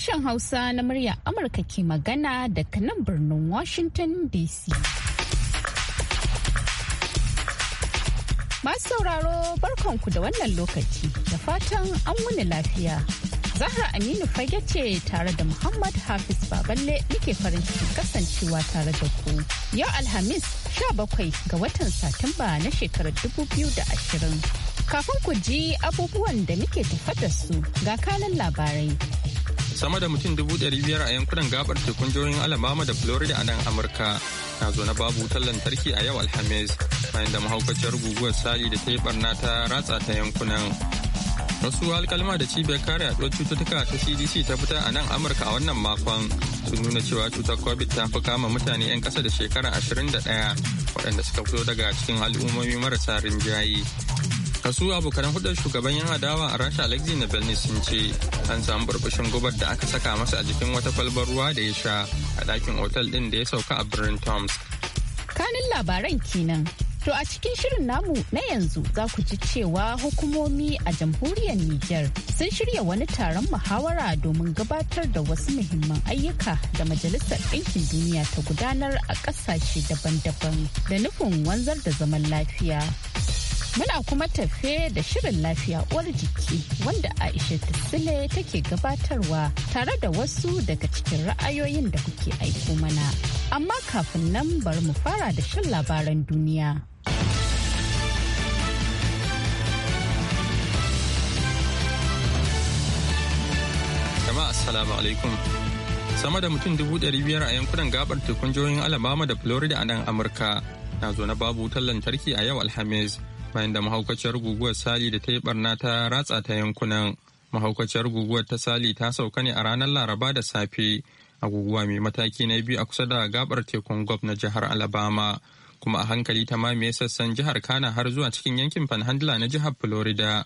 Sashen Hausa na murya Amurka ke magana daga nan birnin Washington DC. Masu sauraro barkanku da wannan lokaci da fatan an wuni lafiya. Zahra Aminu fage ce tare da Muhammad Hafiz Baballe muke farin ciki kasancewa tare da ku. Yau Alhamis 17 ga watan Satumba na shekarar 2020. Kafin ku ji abubuwan da muke tafa da su ga kanan labarai. sama da mutum dubu ɗari biyar a yankunan gabar tekun jihohin alabama da florida a nan amurka na zo na babu wutar lantarki a yau alhamis bayan da mahaukaciyar guguwar sali da ta yi barna ta ratsa ta yankunan wasu alkalma da cibiyar kare ɗauki cututtuka ta cdc ta fita a nan amurka a wannan makon sun nuna cewa cutar covid ta fi kama mutane 'yan kasa da shekara ɗaya waɗanda suka fito daga cikin al'ummomi marasa rinjaye kasu abokan hudar shugaban yan adawa a rasha alexei navalny sun ce an samu burbushin gubar da aka saka masa a jikin wata falbar ruwa da ya sha a ɗakin otal ɗin da ya sauka a birnin toms kanin labaran kenan To a cikin shirin namu na yanzu za ku ji cewa hukumomi a jamhuriyar Nijar sun shirya wani taron muhawara domin gabatar da wasu muhimman ayyuka da Majalisar Ɗinkin Duniya ta gudanar a ƙasashe daban-daban da nufin wanzar da zaman lafiya. Muna kuma tafe da shirin lafiya uwar jiki wanda Aisha Sule take gabatarwa tare da wasu daga cikin ra'ayoyin da kuke aiko mana. Amma kafin nan bari mu fara da shan labaran duniya. Assalamu alaikum. Sama da mutum dubu ɗari biyar a yankunan gabar tekun jihohin Alabama da Florida a nan Amurka na zo na babu wutar lantarki a yau Alhamis. bayan da mahaukaciyar guguwar sali da ta yi barna ta ratsa ta yankunan mahaukaciyar guguwar ta sali ta sauka ne a ranar laraba da safe a guguwa mai mataki na biyu a kusa da gabar tekun gob na jihar alabama kuma a hankali ta mamaye sassan jihar kana har zuwa cikin yankin panhandla na jihar florida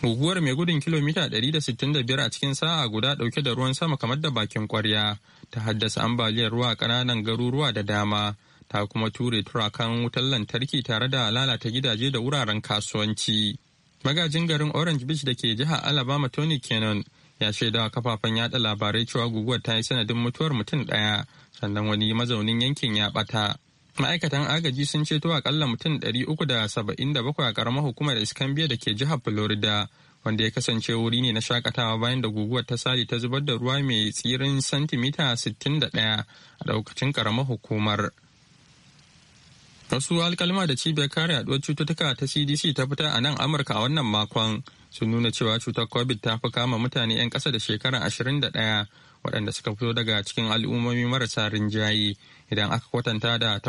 guguwar mai gudun kilomita da da sittin biyar a cikin sa'a guda dauke da ruwan sama kamar da bakin kwarya ta haddasa ambaliyar ruwa kananan garuruwa da dama ta kuma ture turakan wutar lantarki tare da lalata gidaje da wuraren kasuwanci. Magajin garin Orange Beach da ke jihar Alabama Tony Cannon ya shaidawa kafafen yada labarai cewa guguwar ta yi sanadin mutuwar mutum ɗaya sannan wani mazaunin yankin ya ɓata. Ma'aikatan agaji sun ceto akalla mutum ɗari uku da saba'in da bakwai a ƙaramar hukumar Iskambiya da ke jihar Florida wanda ya kasance wuri ne na shakatawa bayan da guguwar ta sali ta zubar da ruwa mai tsirin santimita ɗaya a daukacin ƙaramar hukumar. Wasu alkalma da cibiyar kare yaduwar cututtuka ta CDC ta fita a nan Amurka a wannan makon sun nuna cewa cutar COVID ta fi kama mutane 'yan kasa da shekara 21 waɗanda suka fito daga cikin al'ummomi marasa rinjaye idan aka kwatanta da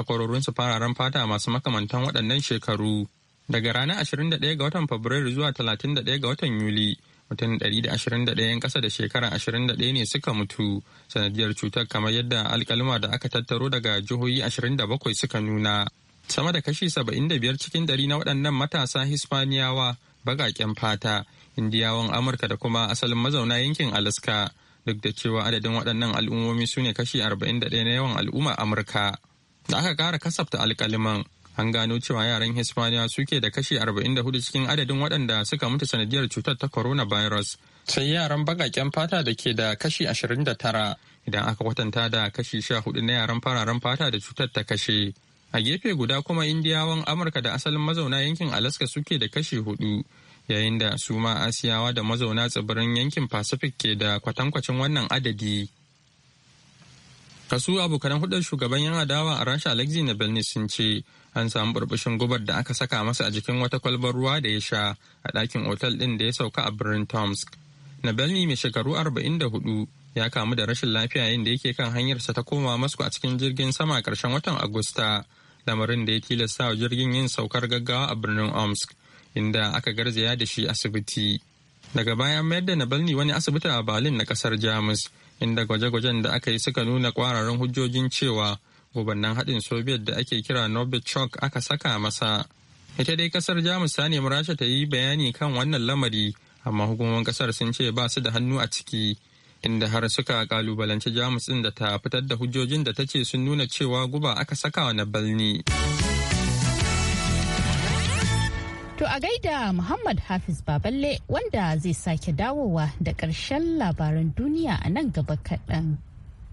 su fararen fata masu makamantan waɗannan shekaru. Daga ranar 21 ga watan Fabrairu zuwa 31 ga watan Yuli, mutum 121 'yan ƙasa da shekara 21 ne suka mutu sanadiyar cutar kamar yadda alkalima da aka tattaro daga jihohi 27 suka nuna. Sama da kashi 75 cikin dari na waɗannan matasa Hispaniyawa bagaƙen fata, Indiyawan Amurka da kuma asalin mazauna yankin Alaska, duk da cewa adadin waɗannan al'ummomi su ne kashi 41 na yawan al'umma Amurka. Da aka ƙara kasafta alƙaliman, an gano cewa yaran Hispaniya suke da kashi 44 cikin adadin waɗanda suka mutu sanadiyar cutar ta coronavirus. Sai yaran baƙaƙen fata da ke da kashi 29 idan aka kwatanta da kashi 14 na yaran fararen fata da cutar ta kashe. a gefe guda kuma indiyawan amurka da asalin mazauna yankin alaska suke da kashi hudu yayin da su ma asiyawa da mazauna tsibirin yankin pacific ke da kwatankwacin wannan adadi kasu abokanan hudar shugaban yan adawa a rasha alexei navalny sun ce an samu burbushin gubar da aka saka masa a jikin wata kwalbar ruwa da ya sha a ɗakin otal ɗin da ya sauka a birnin tomsk navalny mai shekaru arba'in da 44 ya kamu da rashin lafiya yayin da yake kan hanyarsa ta koma masku a cikin jirgin sama a ƙarshen watan agusta lamarin da ya tilasta wa jirgin yin saukar gaggawa a birnin omsk inda aka garzaya da shi asibiti daga baya mayar da nabalni wani asibiti a berlin na kasar jamus inda gwaje-gwajen da aka yi suka nuna kwararan hujjojin cewa gobannin haɗin soviet da ake kira novichok aka saka masa ita dai kasar jamus ta nemi rasha ta yi bayani kan wannan lamari amma hukumomin kasar sun ce ba su da hannu a ciki inda har suka kalubalanci jamus ɗin da ta fitar da hujjojin da ta ce sun nuna cewa guba aka saka na balni. To a gaida Muhammad Hafiz Baballe wanda zai sake dawowa da ƙarshen labaran duniya a nan gaba kaɗan.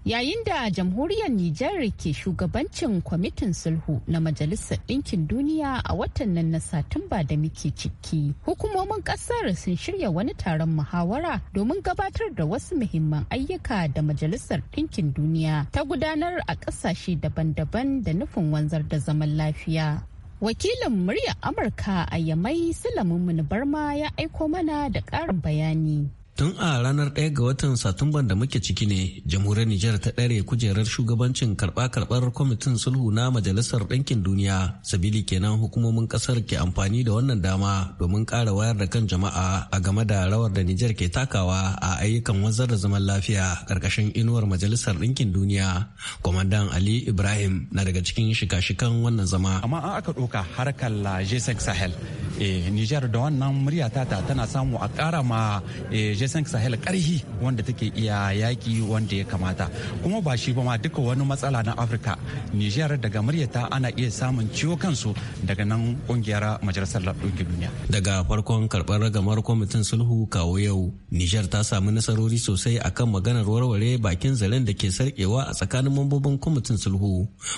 yayin da jamhuriyar Nijar ke shugabancin kwamitin sulhu na Majalisar Ɗinkin Duniya a watan nan na Satumba da muke ciki. Hukumomin ƙasar sun shirya wani taron muhawara domin gabatar da wasu muhimman ayyuka da Majalisar Ɗinkin Duniya ta gudanar a ƙasashe daban-daban da nufin wanzar da zaman lafiya. Wakilin Murya Amurka a Yamai Sulamun Barma ya aiko mana da ƙarin bayani. Tun a ranar ɗaya ga watan Satumban da muke ciki ne, jamhuriyar Nijar ta ɗare kujerar shugabancin karɓa-karɓar kwamitin sulhu na Majalisar Ɗinkin Duniya, sabili kenan hukumomin ƙasar ke amfani da wannan dama domin ƙara wayar da kan jama'a a game da rawar da Nijar ke takawa a ayyukan wanzar da zaman lafiya ƙarƙashin inuwar Majalisar Ɗinkin Duniya. Kwamandan Ali Ibrahim na daga cikin shika-shikan wannan zama. Amma an aka ɗauka harkar lajesek Sahel, eh, Nijar da wannan murya ta tana samu a ƙara ma eh, g sahel karhi wanda take iya yaki wanda ya kamata kuma ba shi ba ma duka wani matsala na afirka nijar daga muryata ana iya samun ciwo kansu daga nan kungiyar majalisar ɗaukin duniya daga farkon karbar ragamar kwamitin sulhu kawo yau nijar ta samu nasarori sosai akan maganar warware bakin zaren da ke sarkewa a tsakanin mambobin kwamitin sulhu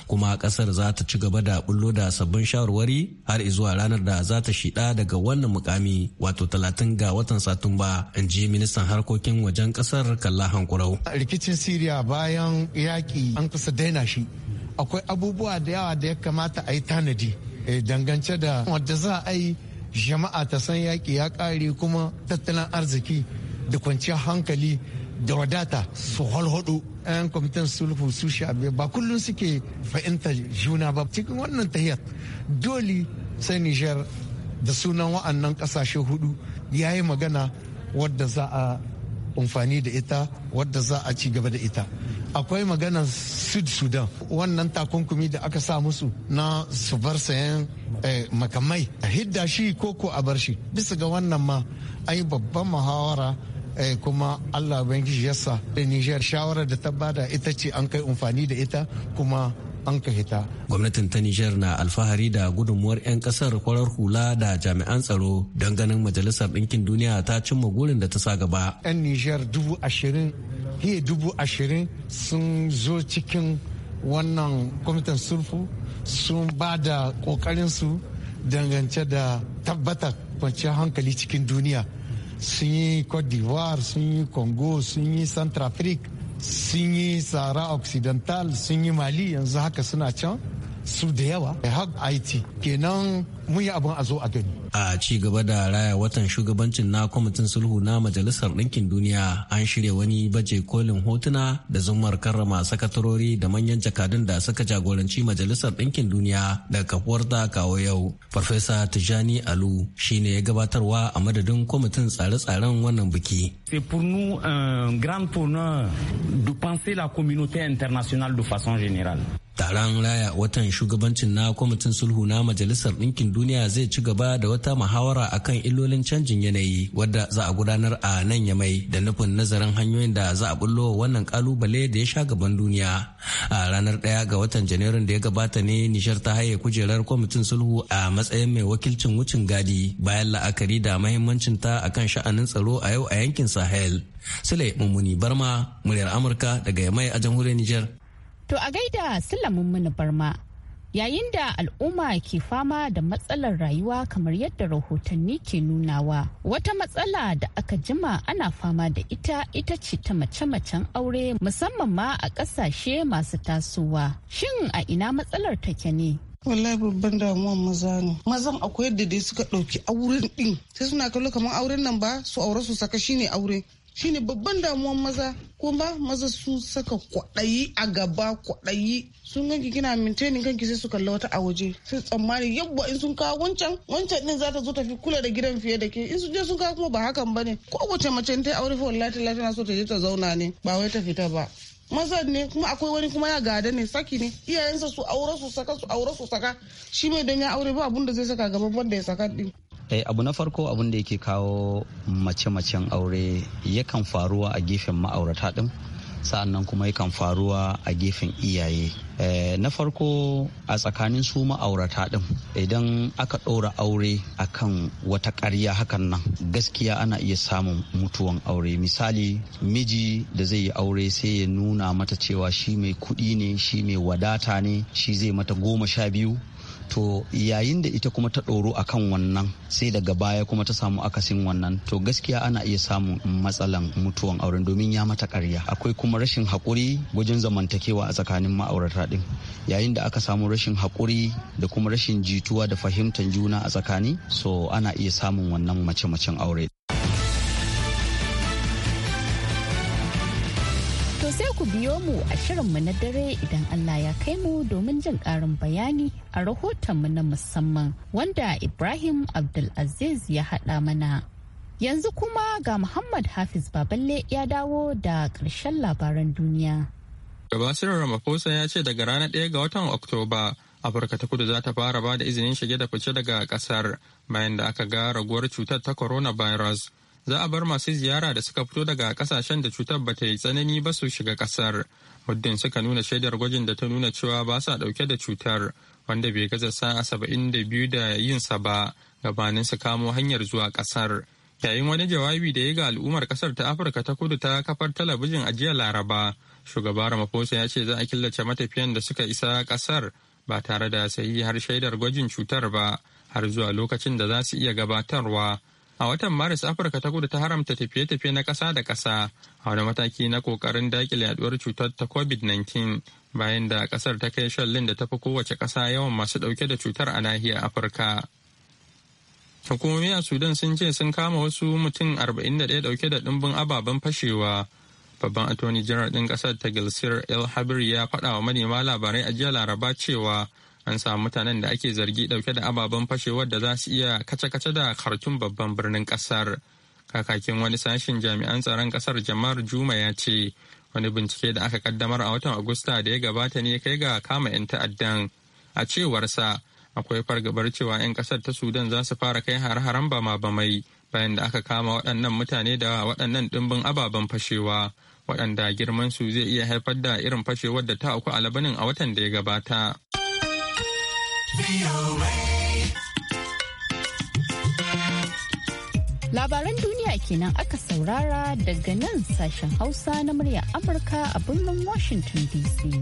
kuma kasar za ta ci gaba da bullo da sabbin shawarwari har zuwa ranar da za ta shida daga wannan mukami wato talatin ga watan satumba in ji ministan harkokin wajen kasar kalla hankurau rikicin siriya bayan yaƙi an kusa daina shi akwai abubuwa da yawa da ya kamata a yi tanadi eh, dangance da wadda za a yi jama'a ta san yaƙi ya ƙare kuma tattalin arziki da kwanciyar hankali da wadata su holhodo. yan kwamitin sulhu su shabe ba kullum suke fahimtar juna ba cikin wannan tahiyar dole sai nijar da sunan wa'annan ƙasashe hudu ya yi magana wadda za a amfani da ita wadda za a ci gaba da ita akwai maganar sud sudan wannan takunkumi da aka sa musu na su bar sayan eh, makamai a hidda shi koko a bar shi bisa ga wannan ma an babban muhawara eh, kuma allah ubangiji yasa da niger shawarar da ta bada ita ce an kai amfani da ita kuma an ka Gwamnatin ta Nijar na alfahari da gudunmuwar 'yan kasar kwarar hula da jami'an tsaro don ganin Majalisar Ɗinkin Duniya ta cimma gurin da ta sa gaba. 'Yan Nijar dubu ashirin, hiye dubu ashirin sun zo cikin wannan kwamitin sulfu sun ba da ƙoƙarinsu dangance da tabbatar kwanciyar hankali cikin duniya. Sun yi Cote d'Ivoire, sun yi Congo, sun yi Central Africa. sun yi sahara occidental sun yi mali yanzu haka suna can su da yawa a IT kenan mun yi abin a zo a gani. A ci gaba da raya watan shugabancin na kwamitin sulhu na Majalisar Ɗinkin Duniya an shirya wani baje kolin hotuna da zumar karrama sakatarori da manyan jakadun da suka jagoranci Majalisar Ɗinkin Duniya da kafuwar ta kawo yau. Farfesa Tijani Alu shine ya gabatarwa a madadin kwamitin tsare-tsaren wannan biki. C'est pour nous un grand honneur de penser la communauté internationale de façon générale. Taron laya watan shugabancin na kwamitin sulhu na Majalisar Ɗinkin Duniya zai ci gaba da wata muhawara akan illolin canjin yanayi wadda za a gudanar a nan ya mai da nufin nazarin hanyoyin da za a bullo wannan kalubale da ya sha gaban duniya. A ranar ɗaya ga watan Janairun da ya gabata ne Nishar ta haye kujerar kwamitin sulhu a matsayin mai wakilcin wucin gadi bayan la'akari da mahimmancin ta akan sha'anin tsaro a yau a yankin Sahel. Sule Mummuni Barma, muryar Amurka daga Yamai a jamhuriyar Nijar. To a gaida sulamin Mini Barma. Yayin da al'umma ke fama da matsalar rayuwa kamar yadda rahotanni ke nunawa, wata matsala da aka jima ana fama da ita ita ce ta mace-macen aure musamman ma a ƙasashe masu tasowa. Shin a ina matsalar take ne? wallahi babban damuwan maza ne mazan akwai yadda dai suka ɗauki auren ɗin sai suna kallo kamar auren nan ba su aure su saka shine aure shine babban damuwan maza kuma maza sun saka kwaɗayi a gaba kwaɗayi sun ganki kina mintenin kanki sai su kalla wata a waje sai tsammani yabba in sun kawo wancan wancan din za ta zo tafi kula da gidan fiye da ke in sun je sun kawo kuma ba hakan bane ko wace mace ta aure fa wallahi ta lafiya so ta je ta zauna ne ba wai ta fita ba mazan ne kuma akwai wani kuma ya gada ne saki ne iyayensa su aure su saka su aure su saka shi mai don ya aure ba abun da zai saka gaban banda ya saka din Eh, abu na farko abin da yake kawo mace-macen aure yakan faruwa a gefen ma'aurata ɗin sa'annan kuma yakan faruwa a gefen iyaye eh, na farko a tsakanin su ma'aurata ɗin idan aka ɗora aure akan wata ƙarya hakan nan gaskiya ana iya samun mutuwan aure misali miji da zai yi aure sai ya nuna mata cewa shi mai kuɗi ne shi mai wadata ne shi zai mata goma sha biyu to yayin da ita kuma ta ɗoro a kan wannan sai daga baya kuma ta samu akasin wannan to gaskiya ana iya samun matsalan mutuwan auren domin ya mata karya. akwai kuma rashin haƙuri wajen zamantakewa a tsakanin ma'aurata ɗin yayin da aka samu rashin haƙuri da kuma rashin jituwa da fahimtar juna a tsakani so ana iya samun wannan mace-macen aure. biyo mu a shirin mu na dare idan Allah ya kai mu domin jin ƙarin bayani a rahoton mu na musamman wanda Ibrahim Abdulaziz ya haɗa mana. Yanzu kuma ga Muhammad Hafiz Baballe ya dawo da karshen labaran duniya. gaba Cyril Ramaphosa ya ce daga ranar ɗaya ga watan Oktoba, Afirka ta kudu za ta fara ba da izinin shige da fice daga kasar bayan da aka ga raguwar cutar ta coronavirus za a bar masu ziyara da suka fito daga kasashen da cutar ba ta yi tsanani ba su shiga kasar muddin suka nuna shaidar gwajin da ta nuna cewa ba sa dauke da cutar wanda bai gaza a saba'in da biyu da yin sa ba gabanin su kamo hanyar zuwa kasar yayin wani jawabi da ya ga al'ummar kasar ta afirka ta kudu ta kafar talabijin a jiya laraba shugaba ramaphosa ya ce za a killace matafiyan da suka isa kasar ba tare da sayi har shaidar gwajin cutar ba har zuwa lokacin da za su iya gabatarwa A watan Maris Afirka ta kudu ta haramta tafiye-tafiye na ƙasa da kasa a wani mataki na kokarin daƙile yaduwar cutar ta COVID-19 bayan da kasar ta kai shallin da ta fi kowace kasa yawan masu ɗauke da cutar a nahiyar Afirka. Hukumomi a Sudan sun ce sun kama wasu mutum 41 ɗauke da ɗimbin ababen fashewa. Babban Attorney General ɗin ƙasar ta Gilsir El Habir ya faɗa wa manema labarai a jiya Laraba cewa an samu mutanen da ake zargi dauke da ababen fashewar da za su iya kace-kace da kartun babban birnin kasar kakakin wani sashen jami'an tsaron kasar jamar juma ya ce wani bincike da aka kaddamar a watan agusta da ya gabata ne kai ga kama 'yan ta'addan a cewarsa akwai fargabar cewa 'yan kasar ta sudan za su fara kai har-haren bama-bamai bayan da aka kama waɗannan mutane da waɗannan ɗimbin ababen fashewa waɗanda girman su zai iya haifar da irin fashewar da ta auku a labanin a watan da ya gabata Labaran duniya kenan aka saurara daga nan sashen Hausa na muryar Amurka a birnin Washington DC.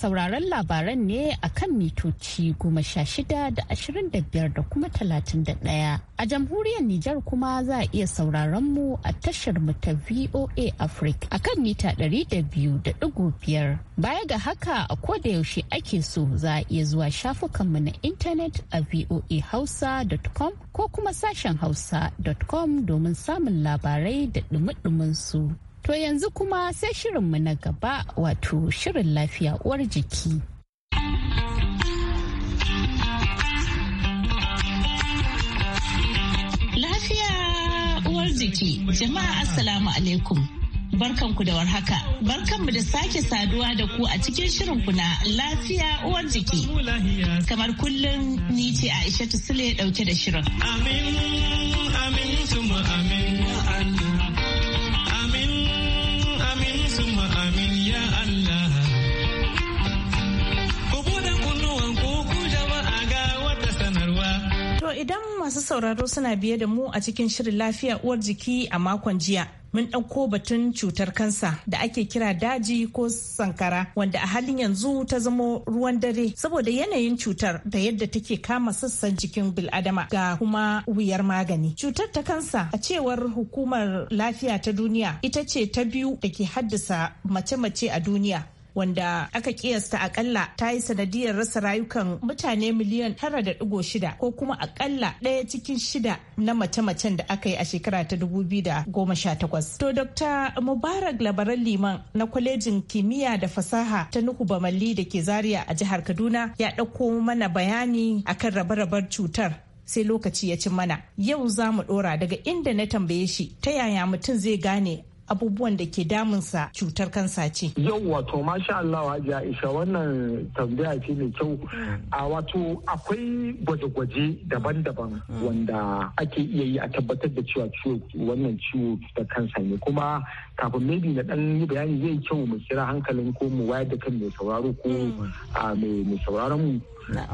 sauraron labaran ne a kan mitoci goma sha shida da ashirin da biyar da kuma talatin da ɗaya. A jamhuriyar Nijar kuma za a iya sauraron mu a tashar mu ta VOA Africa a kan mita ɗari da biyu da ɗigo biyar. Baya ga haka a koda yaushe ake so za a iya zuwa shafukan mu na intanet a voahausa.com ko kuma sashen hausa.com domin samun labarai da ɗumi su. To yanzu kuma sai shirin mu na gaba wato shirin lafiya uwar jiki. Lafiya uwar jiki, jama'a Assalamu alaikum. Barkanku da warhaka, barkanmu da sake saduwa da ku a cikin shirin na lafiya uwar jiki. Kamar kullum ni ce Aisha Sule dauke da shirin. Amin, amin, amin. sauraro idan masu sauraro suna biye da mu a cikin shirin lafiya uwar jiki a makon jiya. Mun ɗauko batun cutar kansa da ake kira daji ko sankara wanda a halin yanzu ta zamo ruwan dare saboda yanayin cutar da yadda take kama sassan jikin bil'adama ga kuma wuyar magani. Cutar ta kansa a cewar hukumar lafiya ta duniya ita ce ta biyu da ke haddasa mace-mace a duniya wanda aka kiyasta akalla ta yi sanadiyar rasa rayukan mutane miliyan 9.6 ko kuma akalla ɗaya cikin shida na mace-macen da aka yi a shekara ta 2018. To Dr. Mubarak Labaran Liman na kwalejin kimiyya da fasaha ta Nuhu Bamalli da ke Zaria a jihar Kaduna ya ɗauko mana bayani akan rabe-raben cutar sai lokaci ya ci mana yau za mu dora daga inda na tambaye shi ta yaya mutum zai gane abubuwan da ke damunsa cutar kansa ce. yau wato masha Allah Hajiya isa wannan tambaya ce mai kyau. Mm. A wato akwai gwaje-gwaje daban-daban mm. wanda ake iya yi a tabbatar da cewa ciwo wannan ciwo da kansa ne kuma kafin maybe na dan yi bayani zai kyau mu kira hankalin ko mu wayar da kan mai sauraro ko hmm. ah, mai sauraron mu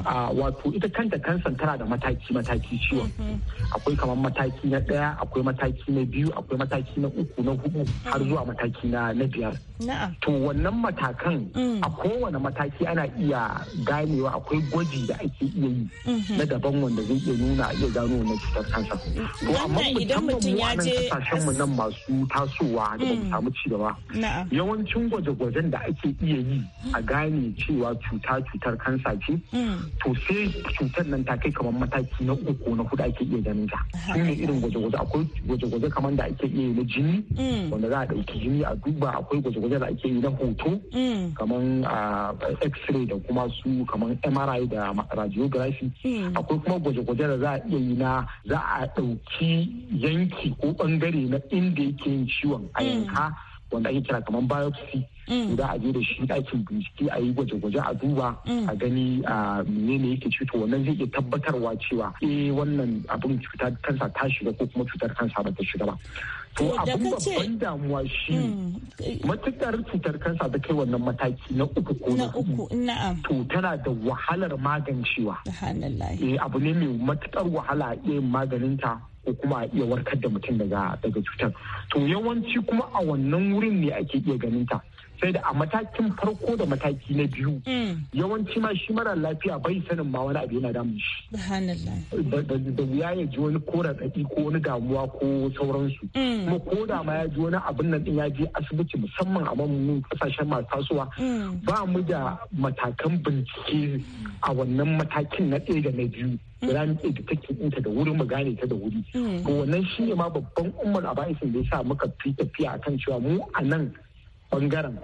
ah, wato ita kanta kansan tana da mataki mataki ciwon hmm. akwai kamar mataki na daya akwai mataki na biyu akwai mataki na uku na hudu har hmm. zuwa mataki na biyar To wannan matakan mm. a kowane mataki ana iya ganewa akwai gwaji da ake iya yi mm-hmm. na daban wanda zai iya nuna iya gano wannan cutar kansa. To amma mutum ya je kasashen mu nan masu tasowa da mu mm. samu ci gaba. Yawancin gwaje-gwajen da ake iya yi a gane cewa cuta cutar kansa ce mm. to sai cutar nan ta kai kamar mataki na uku na hudu ake iya ganin ta. sune irin gwaje-gwaje akwai gwaje-gwaje kamar da ake iya yi na jini wanda za a ɗauki jini a duba akwai gwaje gwaje da ake yi na hoto mm. kamar x-ray da kuma su kamar mri da radiography mm. akwai kuma gwaje-gwaje da za a iya yi na za a ɗauki yanki ko ɓangare na inda yake yin ciwon a mm. yanka wanda ake kira kamar biopsy mm. za a je da shi ɗakin bincike a yi gwaje-gwaje a duba mm. a gani a menene yake cuta wannan zai iya tabbatarwa cewa eh wannan abin cutar kansa ta shiga ko kuma cutar kansa ba ta shiga ba to abin babban damuwa shi mm. matukar cutar kansa ta kai wannan mataki na uku ko na uku to tana da wahalar magancewa eh abu ne mai matukar wahala iya maganinta ko kuma a iya warkar da mutum daga daga cutar to yawanci kuma a wannan wurin ne ake iya ganin ta sai da a matakin farko da mataki na biyu mm. yawanci ma shi mara lafiya bai sanin ma wani abu yana damun shi da wuya ya ji wani kora tsaki ko wani damuwa ko sauransu mm. kuma ko da ma ya ji wani abin nan din ya je asibiti musamman a mamu kasashen masu tasowa mm. ba mu da matakan bincike a wannan matakin na ɗaya da na biyu za da take detecting ɗinta da wuri mu gane ta da wuri to wannan shi ne ma babban umar a sun da ya sa muka fi tafiya akan cewa mu a nan ɓangaren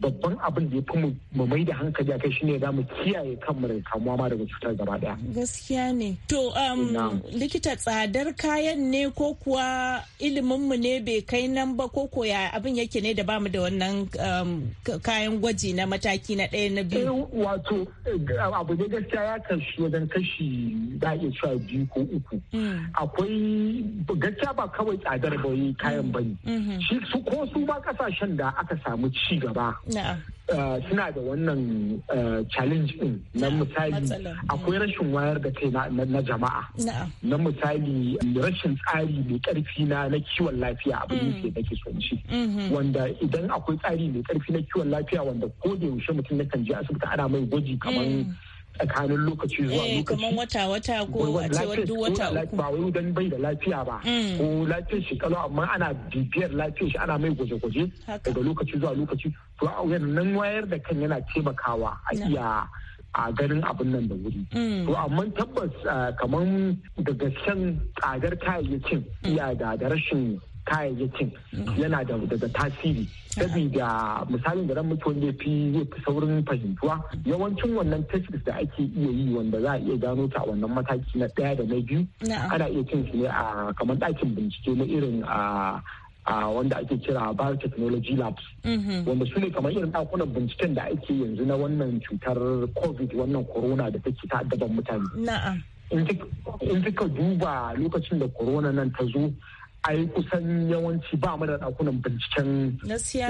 babban abin da ya fi mu mai da hankali akai shine za mu kiyaye kanmu daga kamuwa ma daga cutar gaba daya gaskiya ne to um, likita tsadar kayan ne ko kuwa ilimin mu ne bai kai nan ba ko koya abin yake ne da bamu da wannan um, kayan gwaji na mataki na ɗaya na biyu eh, wato eh, abu ne gaskiya ya kashi wajen kashi za iya cewa biyu ko uku hmm. akwai gaskiya ba kawai tsadar ba kayan bane hmm. hmm. shi su ko su ma kasashen da aka samu ci gaba Eh, suna da wannan eh, challenge din na misali akwai mm. rashin wayar da kai na jama'a na misali rashin tsari mai karfi na kiwon lafiya abin mm. da nake son ci mm-hmm. wanda idan akwai tsari mai karfi na kiwon lafiya wanda ko da yaushe mutum na kan je asibiti ana mai gwaji kamar mm. tsakanin lokaci zuwa eh, lokaci. kamar wata wata ko a ce wata uku. Ba wani bai da lafiya ba. Mm. Ko lafiyar shi kalau amma ana bibiyar lafiyar shi ana mai gwaje-gwaje daga lokaci zuwa lokaci. To a nan wayar da kan yana taimakawa a iya a ganin abin nan da wuri. Mm. To amma tabbas ah, kamar daga shan tsadar kayayyakin mm. iya da rashin kayayyakin mm-hmm. yana da tasiri sabida misalin da ran ya fi zai fi saurin fahimtuwa yawancin wannan tesis da ake iya yi wanda za a iya gano ta a wannan mataki na ɗaya da na biyu ana iya cin su ne a kamar ɗakin bincike na irin a wanda ake kira biotechnology labs mm-hmm. wanda su ne kamar irin ɗakunan binciken da ake yanzu na wannan cutar covid wannan corona da take ta mutane in kika duba lokacin da corona nan ta zo a yi kusan yawanci ba mu da ɗakunan binciken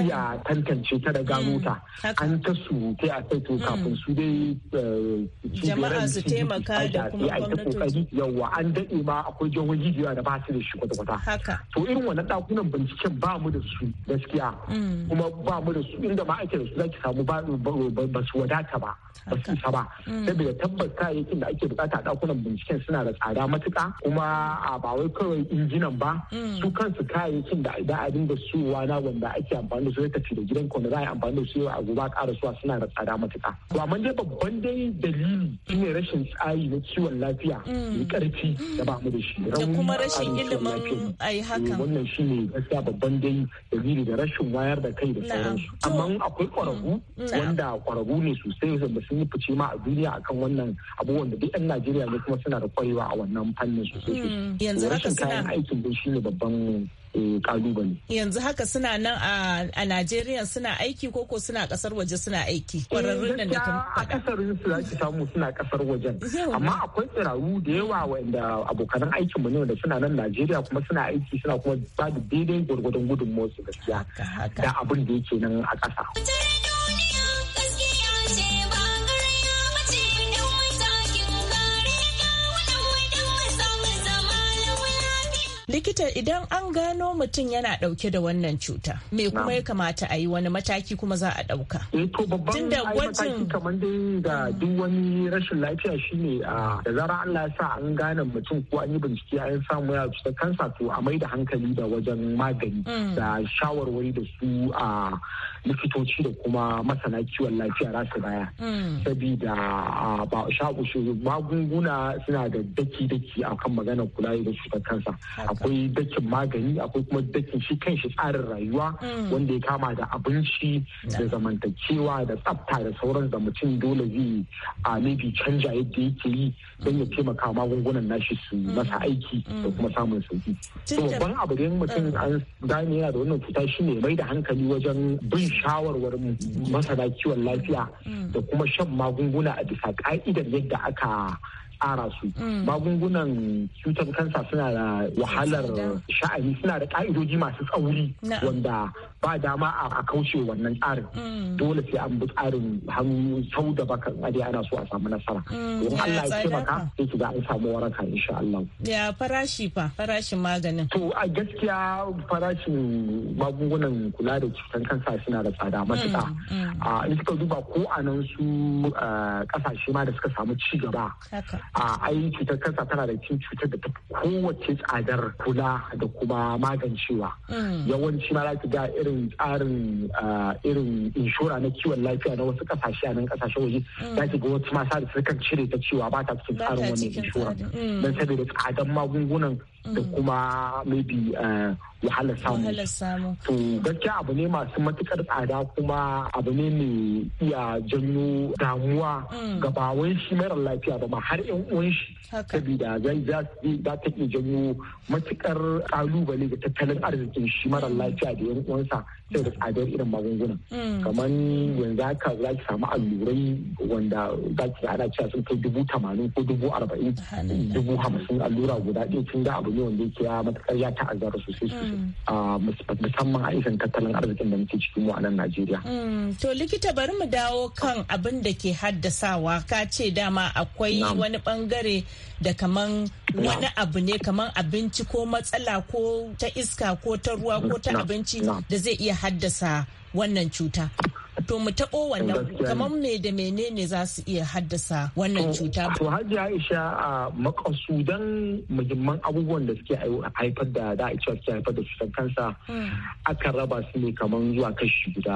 ya tantance ta da gano mm, ta an ta su ta a kai to mm. kafin su dai eh, jama'a su taimaka da kuma gwamnati. yawa an daɗe ma akwai jawon da da ba su da shi kwata-kwata to irin wannan ɗakunan binciken ba mu da su gaskiya mm. kuma ba mu da su inda ma ake da su zaki samu ba su wadata ba ba su isa ba saboda tabbas kayayyakin da ake bukata a ɗakunan binciken suna da tsada matuƙa kuma a ba wai kawai injinan ba su kansu kayayyakin da za a dinga suwa na wanda ake amfani da su ya da gidan kwanu za a yi amfani da su yau a gobe a suwa suna da tsada matuƙa ba amma dai babban dai dalili shine rashin tsari na kiwon lafiya mm. mai ƙarfi da ba mu da shi da kuma rashin ilimin ai hakan. Eh, wannan shine gaskiya babban dai dalili da rashin wayar da kai da sauransu amma akwai ƙwararru mm. wanda ƙwararru ne sosai wanda sun yi fice ma a duniya akan wannan abubuwan da duk 'yan Najeriya ne kuma suna da ƙwarewa a wannan fannin sosai sosai mm. yanzu rashin kayan aikin dai shine babban eh, kalubale. Yanzu haka suna nan a Najeriya suna aiki ko ko suna kasar waje suna aiki. Kwararrun nan da eh, kan su zaki samu suna kasar wajen. Amma akwai tsiraru da yawa wanda abokan aikinmu ne wanda suna nan Najeriya kuma suna aiki suna kuma ba da daidai gwargwadon gudunmuwarsu gaskiya. Da abin da yake nan a ƙasa. likita idan an gano mutum yana dauke da wannan cuta me kuma ya kamata a yi wani mataki kuma za a dauka eh, tun babban gwajin kamar dai da duk wani rashin lafiya shine a ah, da zara Allah ya sa an gane mutum ko an yi bincike an samu ya cutar kansa to a mai da hankali da wajen magani mm. da shawarwari da su a ah, likitoci da kuma masana kiwon lafiya za su baya hmm. sabida ba sha magunguna suna da daki-daki a kan maganar kula da cutar kansa akwai dakin magani akwai kuma dakin shi kan kanshi tsarin rayuwa hmm. wanda ya kama da abinci da zamantakewa da tsafta da sauran da mutum dole zai a maybe canja yadda yake yi don ya hmm. taimaka magungunan nashi su masa aiki da kuma samun sauki. babban abu da mutum an gane yana da wannan cuta shine mai da hankali wajen bin shawarwarin masana kiwon lafiya mm. da kuma shan magunguna a bisa ka'idar yadda aka tsara su mm. magungunan cutar kansa suna da wahalar sha'ani suna da ka'idoji masu tsauri wanda ba dama a kauce wannan tsarin mm. dole sai an bi tsarin hannu sau da baka ade ana so a samu nasara mm. don Allah ya taimaka sai ki ga an samu waraka insha Allah ya farashi fa farashin maganin to a gaskiya farashin magungunan kula da cutar kansa suna da tsada matuƙa ah, in suka duba ko a nan su kasashe ah, ma da suka samu ci gaba a aiki cutar kansa tana da cikin cutar da ta kowace tsadar kula da kuma magancewa mm. yawanci ma za ga irin tsarin irin inshora na kiwon lafiya na wasu kasashe a nan kasashen waje mm. za ki ga wasu masu sa da cire ta cewa ba ta cikin tsarin wannan inshora don mm. saboda tsadar magungunan da mm. kuma maybe uh, wahalar samu. To gaskiya abu ne masu matukar tsada kuma abu ne mai iya janyo damuwa mm. ga bawai shi mara lafiya ba ma har yan uwan shi. Sabida zai za ta iya janyo matukar kalubale ga tattalin arzikin shi mara mm. lafiya da yan uwansa. sai da tsadar irin magunguna mm. kamar yanzu haka za ki samu allurai wanda za ki ana cewa sun kai dubu tamanin ko dubu arba'in dubu hamsin allura guda ɗaya tun da abu ne wanda yake ya matuƙar ya ta'azzara sosai sosai mm. musamman a isan tattalin arzikin da muke cikin mu a nan Najeriya. Mm. To likita bari mu dawo kan abin da ke haddasawa ka ce dama akwai wani bangare da kaman wani abu ne kaman abinci ko matsala ko ta iska ko ta ruwa ko ta abinci da zai iya haddasa wannan cuta to mu taɓo wannan kamar me da menene za su iya haddasa wannan cuta. To Hajji Aisha a makasudan muhimman abubuwan da suke haifar da da Aisha suke haifar da cutar kansa hmm. aka raba su ne kamar zuwa kashi guda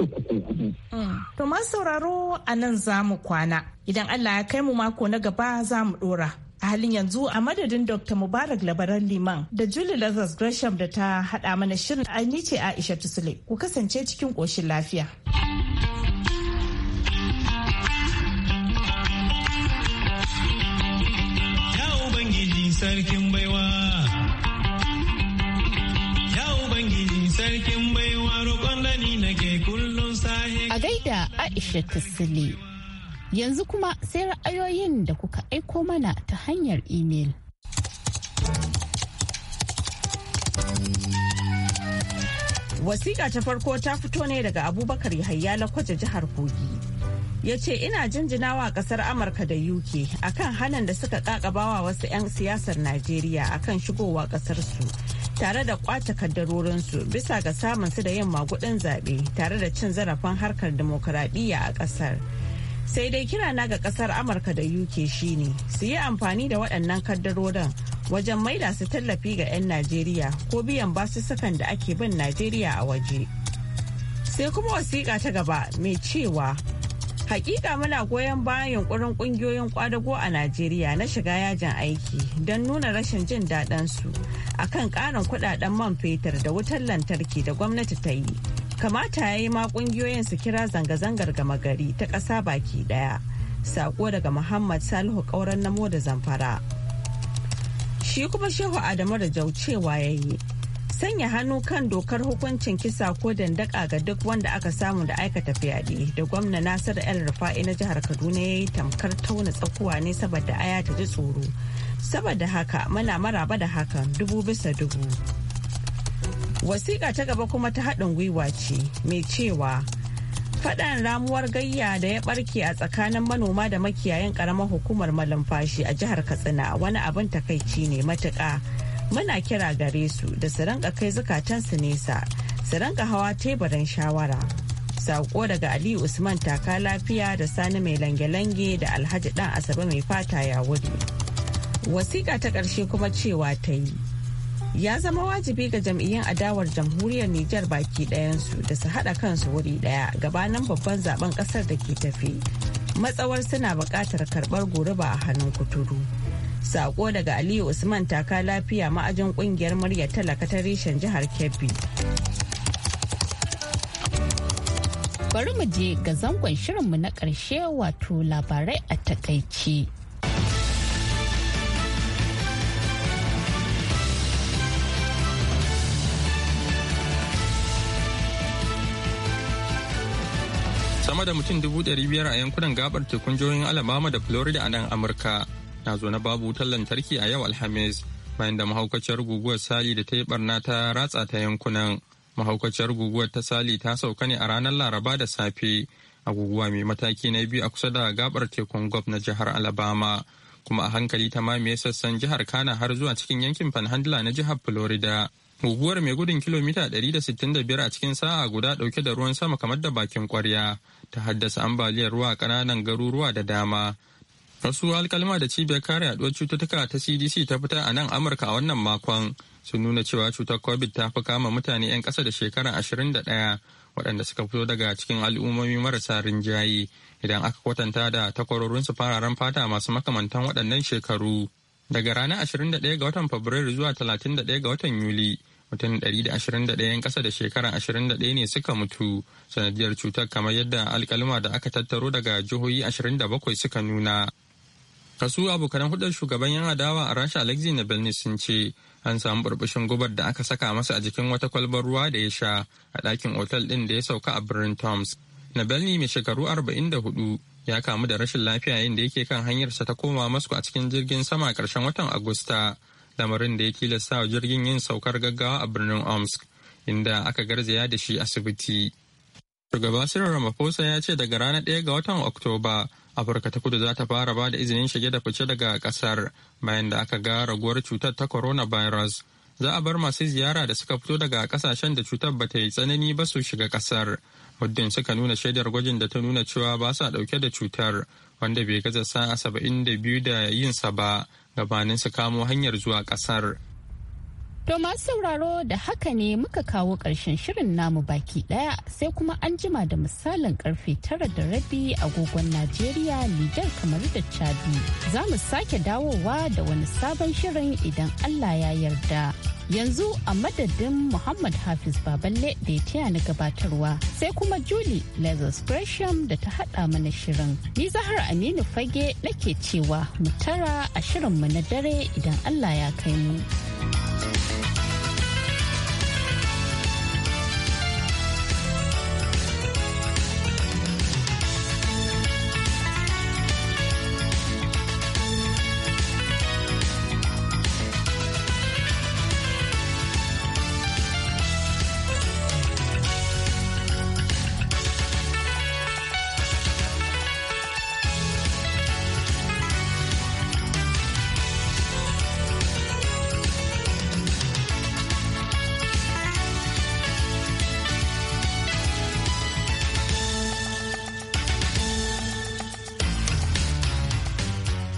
uku ko hudu. Hmm. To masu sauraro a nan za mu kwana. Idan Allah ya kai mu mako na gaba za mu ɗora. a halin yanzu a madadin dr mubarak labaran liman da julie lazarus gresham da ta hada mana shirin ni ce aisha tusule ku kasance cikin koshin lafiya sarkin a gaida aisha Yanzu kuma sai ra'ayoyin da kuka aiko mana ta hanyar imel. Wasiƙa ta farko ta fito ne daga Abubakar Yahaya Lakwaje jihar Kogi. Ya ce ina jinjinawa kasar Amurka da UK akan hanan da suka kakabawa wasu 'yan siyasar Najeriya akan shigowa kasar su tare da kwace kaddarorinsu bisa ga samun su da yin magudin zaɓe tare da cin zarafin harkar demokuraɗiyya a ƙasar. sai dai kira na ga kasar amurka da uk shine su yi amfani da waɗannan kaddarorin wajen maida su tallafi ga 'yan najeriya ko biyan sukan da ake bin najeriya a waje sai kuma wasiƙa ta gaba mai cewa hakika muna goyon bayan yunkurin ƙungiyoyin kwadago a najeriya na shiga yajin aiki don nuna rashin jin daɗin su akan ƙarin kuɗaɗen man fetur da wutar lantarki da gwamnati ta yi kamata ya yi ma kungiyoyin su kira zanga-zangar gama gari ta ƙasa baki ɗaya saƙo daga muhammad salihu ƙauren namo da zamfara shi kuma shehu adamu da jau cewa ya yi sanya hannu kan dokar hukuncin kisa ko dandaka ga duk wanda aka samu da aikata fyaɗe da gwamna nasir el rufa'i na jihar kaduna ya yi tamkar tauna tsakuwa ne saboda aya ta ji tsoro saboda haka muna maraba da hakan dubu bisa dubu wasiƙa ta gaba kuma ta haɗin gwiwa ce mai cewa faɗan ramuwar gayya da ya ɓarke a tsakanin manoma da makiyayan ƙaramar hukumar malumfashi a jihar katsina wani abin takaici ne matuƙa muna kira gare su da su rinka kai su nesa su rinka hawa teburin shawara sako daga ali usman taka lafiya da sani mai lange-lange da alhaji dan asabe mai fata ya wuri wasiƙa ta ƙarshe kuma cewa ta yi ya zama wajibi ga jam'iyyun adawar jamhuriyar Nijar baki ɗayansu da su haɗa kansu wuri ɗaya gabanin babban zaben ƙasar da ke tafi. Matsawar suna buƙatar karɓar goruba a hannun kuturu. Sako daga Aliyu Usman taka lafiya ma'ajin ƙungiyar murya talaka ta reshen jihar Kebbi. Bari mu je ga zangon shirinmu na ƙarshe wato labarai a takaici. sama da mutum dubu ɗari biyar a yankunan gabar tekun jihohin alabama da florida a nan amurka na zo na babu wutar lantarki a yau alhamis bayan da mahaukaciyar guguwar sali da ta yi barna ta ratsa ta yankunan mahaukaciyar guguwar ta sali ta sauka ne a ranar laraba da safe a guguwa mai mataki na biyu a kusa da gabar tekun gob na jihar alabama kuma a hankali ta mamaye sassan jihar kana har zuwa cikin yankin panhandla na jihar florida Guguwar mai gudun kilomita 165 a cikin sa'a guda ɗauke da ruwan sama kamar da bakin kwarya ta haddasa ambaliyar ruwa a kananan garuruwa da dama. Wasu alkalma da cibiyar kare yaduwar cututtuka ta CDC ta fita a nan Amurka a wannan makon sun nuna cewa cutar COVID ta fi kama mutane 'yan kasa da shekara 21 waɗanda suka fito daga cikin al'ummomi marasa rinjaye idan aka kwatanta da takwarorinsu fararen fata masu makamantan waɗannan shekaru. daga ranar 21 ga watan Fabrairu zuwa 31 ga watan Yuli. Mutum 121 'yan ƙasa da shekara 21 ne suka mutu sanadiyar cutar kamar yadda alkalima da aka tattaro daga jihohi 27 suka nuna. Kasu abokanan hudar shugaban yan adawa a Rasha Alexei Navalny sun ce an samu burbushin gubar da aka saka masa a jikin wata kwalbar ruwa da ya sha a ɗakin otal ɗin da ya sauka a birnin Toms. Navalny mai shekaru 44 ya kamu da rashin lafiya yayin da yake kan hanyarsa ta koma Moscow a cikin jirgin sama a ƙarshen watan Agusta, lamarin da ya tilasta wa jirgin yin saukar gaggawa a birnin Omsk, inda aka garzaya da shi asibiti. Shugaba Cyril Ramaphosa ya ce daga ranar ɗaya ga watan Oktoba, Afirka ta kudu za ta fara ba da izinin shige da fice daga ƙasar bayan da aka ga raguwar cutar ta coronavirus. Za a bar masu ziyara da suka fito daga ƙasashen da cutar ba ta yi tsanani ba su shiga ƙasar. muddin suka nuna shaidar gwajin da ta nuna cewa ba sa dauke da cutar wanda bai gaza sa'a saba'in da biyu da yinsa ba gabanin su kamo hanyar zuwa kasar. To masu sauraro da haka ne muka kawo ƙarshen shirin namu baki ɗaya sai kuma an jima da misalin karfe tara da rabi agogon Najeriya Nijar kamar da Chadi. Za mu sake dawowa da wani sabon shirin idan Allah ya yarda. Yanzu a madadin Muhammad Hafiz Baballe da ya taya ni gabatarwa sai kuma Julie Lazarus Gresham da ta haɗa mana shirin. Ni Zahar Aminu Fage nake cewa mu tara a shirin mu na dare idan Allah ya kai mu.